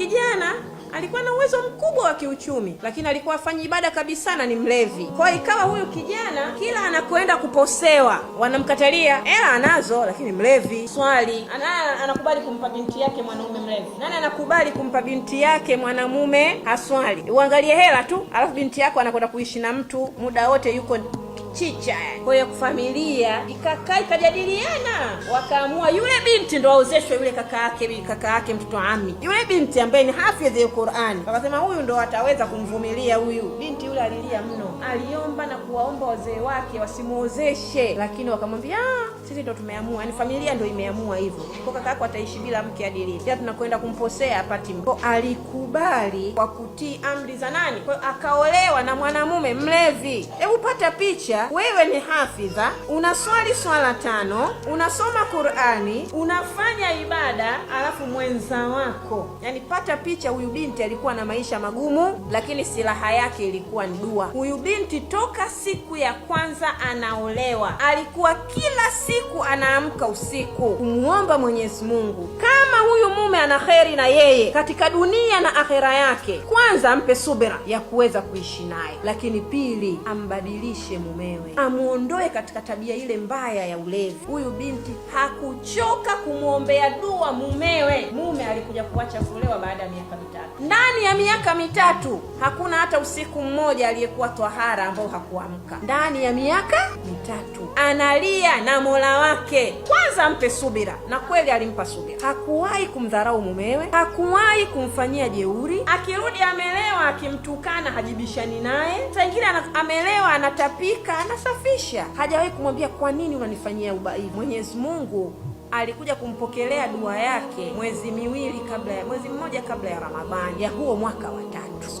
kijana alikuwa na uwezo mkubwa wa kiuchumi, lakini alikuwa afanyi ibada kabisa na ni mlevi. Kwa hiyo ikawa huyu kijana kila anakwenda kuposewa wanamkatalia, hela anazo lakini mlevi. Swali, anakubali kumpa binti yake mwanamume mlevi? Nani anakubali kumpa binti yake mwanamume haswali? Uangalie hela tu, alafu binti yako anakwenda kuishi na mtu muda wote yuko chicha. Eh. Kwa hiyo familia ikakaa ikajadiliana, wakaamua yule binti ndo aozeshwe yule kaka yake, kaka yake mtoto ami, yule binti ambaye ni hafidhi ya Qur'ani. Wakasema huyu ndo ataweza kumvumilia huyu binti. Yule alilia mno, aliomba na kuwaomba wazee wake wasimwozeshe lakini wakamwambia ah, sisi ndo tumeamua, yani familia ndo imeamua hivyo, kwa kaka yako ataishi bila mke hadi lini? Pia tunakwenda kumposea apati mko. Alikubali kwa kutii amri za nani? Kwa akaolewa na mwanamume mlevi. Hebu pata picha pia wewe ni hafidha, unaswali swala tano, unasoma Qurani, unafanya ibada, alafu mwenza wako yani, pata picha. Huyu binti alikuwa na maisha magumu, lakini silaha yake ilikuwa ni dua. Huyu binti toka siku ya kwanza anaolewa, alikuwa kila siku anaamka usiku kumuomba Mwenyezi Mungu huyu mume ana kheri na yeye katika dunia na akhera yake, kwanza ampe subira ya kuweza kuishi naye, lakini pili ambadilishe mumewe, amwondoe katika tabia ile mbaya ya ulevi. Huyu binti hakuchoka kumwombea dua mumewe. Mume alikuja kuacha kulewa baada ya miaka mitatu. Ndani ya miaka mitatu hakuna hata usiku mmoja aliyekuwa twahara ambao hakuamka ndani ya miaka mitatu, analia na Mola wake. Kwanza ampe subira, na kweli alimpa subira, hakuwa hakuwahi kumdharau mumewe, hakuwahi kumfanyia jeuri. Akirudi amelewa, akimtukana hajibishani naye. Saa ingine amelewa, anatapika, anasafisha, hajawahi kumwambia kwa nini unanifanyia ubaii. Mwenyezi Mungu alikuja kumpokelea dua yake mwezi miwili kabla ya mwezi mmoja kabla ya Ramadhani ya huo mwaka wa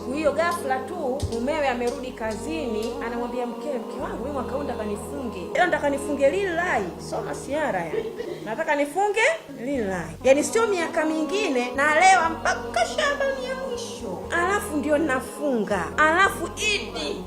Siku hiyo ghafla tu mumewe amerudi kazini, anamwambia mkewe, mke wangu mimi mwaka huu nataka nifunge, leo yaani nataka nifunge lilai, soma siara ya yaani. nataka nifunge lilai, yani sio miaka mingine, nalewa mpaka shaba ya mwisho, alafu ndio nafunga, alafu idi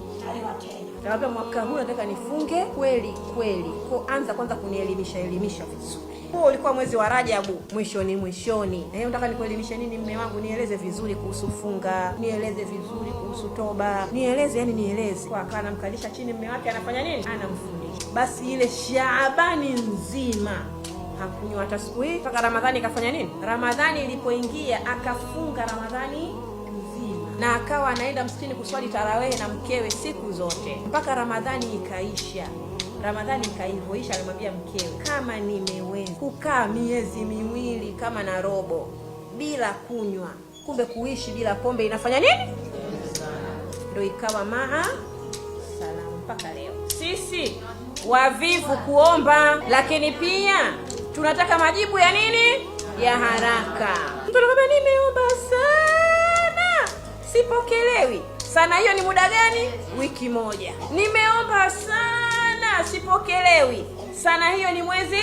Naambia mwaka huu nataka nifunge kweli kweli, kwa anza kwanza kunielimisha elimisha vizuri. Huo ulikuwa mwezi wa Rajabu mwishoni mwishoni. Eh, nataka nikuelimishe nini mme wangu? Nieleze vizuri kuhusu funga, nieleze vizuri kuhusu toba, nieleze yani nieleze. Kwa kana mkalisha chini mme wake anafanya nini? Anamfundisha. Basi ile Shaabani nzima hakunywa hata siku hii mpaka Ramadhani. kafanya nini? Ramadhani ilipoingia akafunga Ramadhani na akawa anaenda msikini kuswali tarawehe na mkewe siku zote mpaka Ramadhani ikaisha. Ramadhani ikaivoisha, alimwambia mkewe, kama nimeweza kukaa miezi miwili kama na robo bila kunywa, kumbe kuishi bila pombe inafanya nini? ndo ikawa maa salamu mpaka leo. Sisi wavivu kuomba, lakini pia tunataka majibu ya nini? Ya haraka. Mtu anakwambia nimeomba sana sipokelewi sana. Hiyo ni muda gani? Wiki moja. Nimeomba sana, sipokelewi sana. Hiyo ni mwezi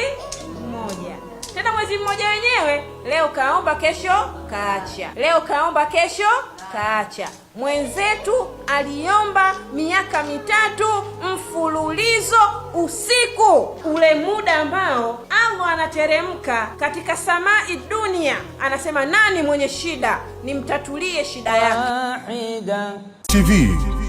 mmoja. Tena mwezi mmoja wenyewe, leo kaomba, kesho kaacha, leo kaomba, kesho kaacha. Mwenzetu aliomba miaka mitatu mfululizo usiku ule, muda ambao Mungu anateremka katika samai dunia, anasema nani mwenye shida nimtatulie shida yake. TV